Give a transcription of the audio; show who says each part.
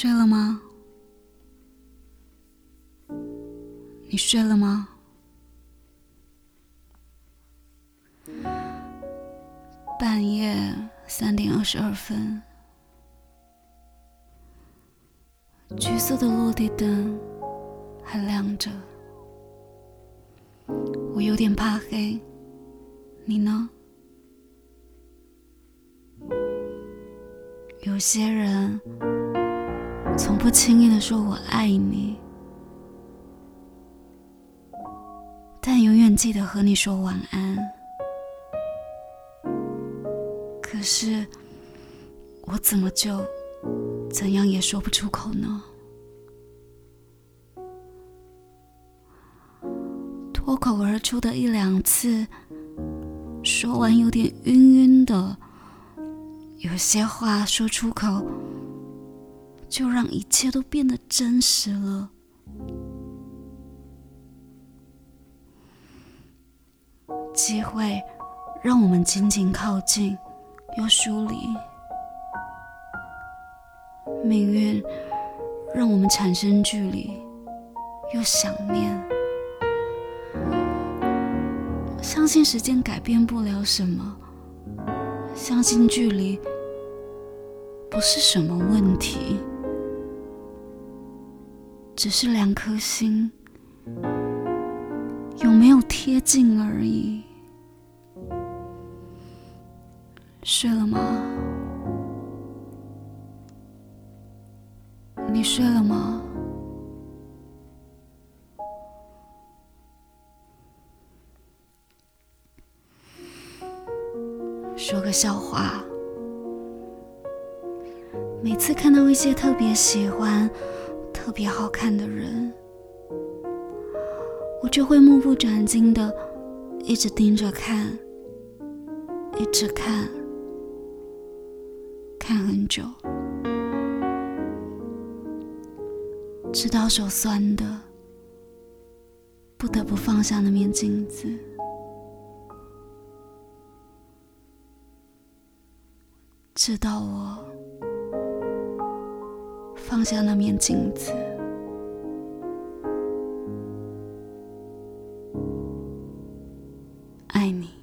Speaker 1: 睡了嗎？你睡了嗎？半夜三點二十二分，橘色的落地燈還亮着。我有點怕黑，你呢？有些人從不輕易的說我愛你，但永遠記得和你說晚安。可是，我怎麼就，怎樣也說不出口呢？脫口而出的一兩次，說完有點暈暈的，有些話說出口。就讓一切都變得真實了。機會讓我們緊緊靠近，又疏離；命運讓我們產生距離，又想念。相信時間改變不了什麼，相信距離不是什麼問題。只是兩顆心有沒有貼近而已。睡了嗎？你睡了嗎？說個笑話。每次看到一些特別喜歡。特別好看的人，我就會目不轉睛的一直盯着看，一直看，看很久，直到手酸的不得不放下那面鏡子，直到我。放下那面鏡子，愛你。